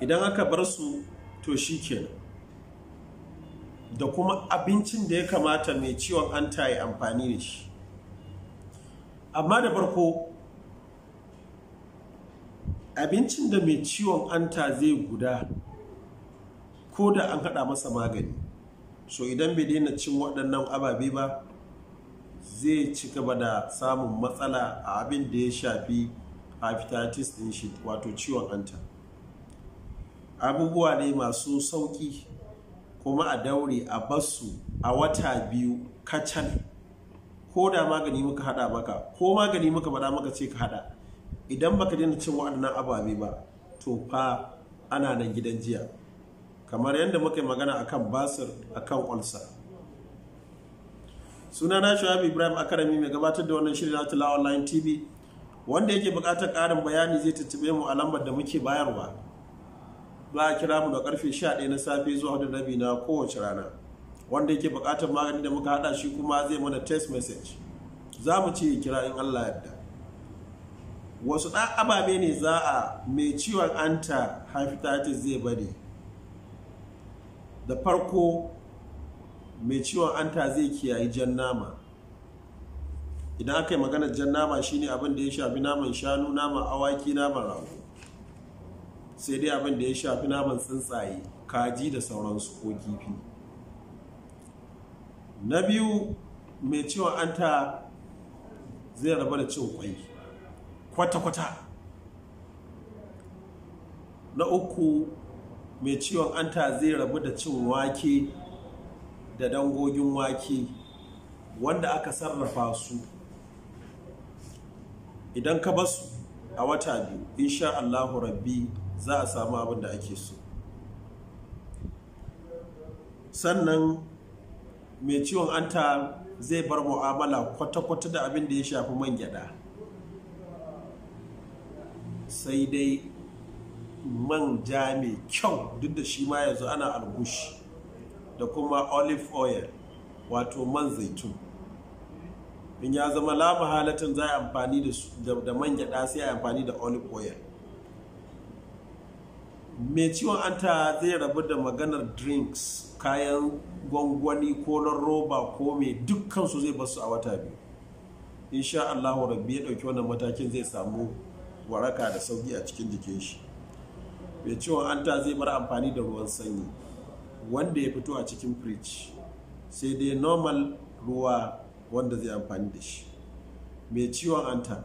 idan aka bar su to shi kenan da kuma abincin da ya kamata mai ciwon ta yi amfani da shi amma da farko abincin da mai ciwon anta zai guda ko da an hada masa magani so idan bai daina cin waɗannan ababe ba zai ci gaba da samun matsala a abin da ya shafi hepatitis din shi wato ciwon anta abubuwa ne masu sauki kuma a daure a basu a wata biyu kacal ko da magani muka hada maka ko magani muka bada maka ce ka hada idan baka daina cin waɗannan ababe ba to fa ana nan gidan jiya kamar yadda muka yi magana akan basir akan ulsa suna na shuhabi ibrahim akarami mai gabatar da wannan shirin na tulawa online tv wanda yake bukatar karin bayani zai tattube mu a lambar da muke bayarwa za a kira mu da karfe 11 na safe zuwa hudu rabi na kowace rana wanda yake bukatar magani da muka hada shi kuma zai mana test message za mu ce kira in Allah yadda wasu ɗan ababe ne za a mai ciwon anta hepatitis zai bari da farko mai ciwon anta zai kiyayi jan nama idan aka yi maganar jan nama shine abin da ya shafi naman shanu naman awaki naman rago sai dai abin da ya shafi naman tsuntsaye kaji da sauransu ko kifi na biyu mai ciwon anta zai raba da cin kwai kwata-kwata na uku mai ciwon anta zai rabu da cin wake da dangogin wake wanda aka sarrafa su idan ka basu a wata biyu insha allahu rabbi za a samu abin da ake so sannan mai ciwon anta zai bar mu'amala kwata-kwata da abin da ya shafi man gyada sai dai man ja mai kyau duk da shi ma yanzu ana algushi da kuma olive oil wato man zaitun in ya zama lama halatin za a amfani da man gyada sai a yi amfani da olive oil mai ciwon anta zai rabu da maganar drinks kayan gwangwani ko na roba ko mai dukkansu zai basu a wata biyu insha allahu rabbi ya ɗauki wannan matakin zai samu waraka da sauki a cikin jikin shi mai ciwon anta zai bar amfani da ruwan sanyi wanda ya fito a cikin fridge sai dai normal ruwa wanda zai amfani da shi mai ciwon anta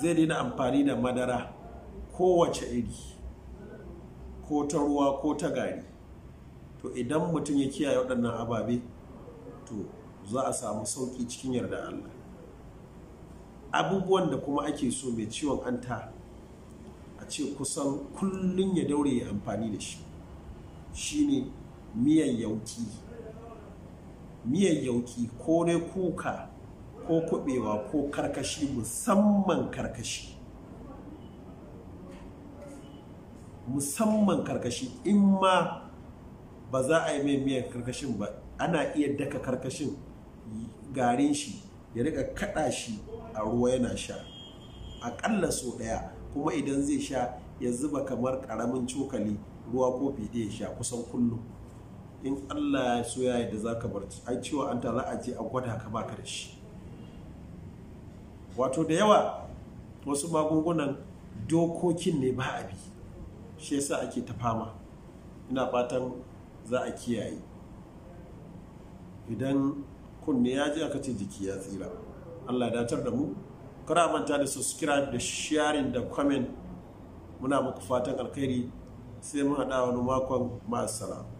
zai daina amfani da madara kowace iri ko ta ruwa ko ta gari to idan mutum ya kiyaye waɗannan ababe to za a samu sauƙi cikin yarda Allah abubuwan da kuma ake so mai ciwon anta a ce kusan kullum ya daure ya amfani da shi shine miyan yauki miyan yauki ko ne kuka ko kuɓewa ko karkashi musamman karkashi musamman karkashi in ma ba za a yi mai miyar karkashin ba ana iya daka karkashin garin shi ya rika kada shi a ruwa yana sha aƙalla so ɗaya kuma idan zai sha ya zuba kamar ƙaramin cokali ruwa ko fide ya sha kusan kullum in allah ya so ya da za ka bar ai ciwo an ta za a je a gwada ka baka da shi wato da yawa wasu magungunan dokokin ne ba a bi shi yasa ake ta fama ina fatan za a kiyaye idan kunne ya ji aka ce jiki ya tsira allah datar da mu kara manta da subscribe da sharing da comment muna muku fatan alkhairi sai mu haɗa wani makon ma'asala